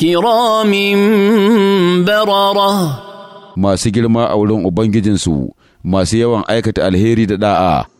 Kiromin bai Masu girma a wurin Ubangijansu masu yawan aikata alheri da ɗa'a.